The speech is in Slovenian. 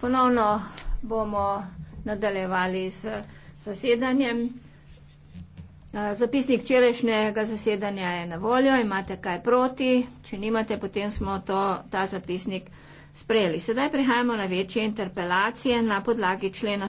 Ponovno bomo nadaljevali z zasedanjem. Zapisnik včerajšnjega zasedanja je na voljo, imate kaj proti, če nimate, potem smo to, ta zapisnik sprejeli. Sedaj prihajamo na večje interpelacije na podlagi člena.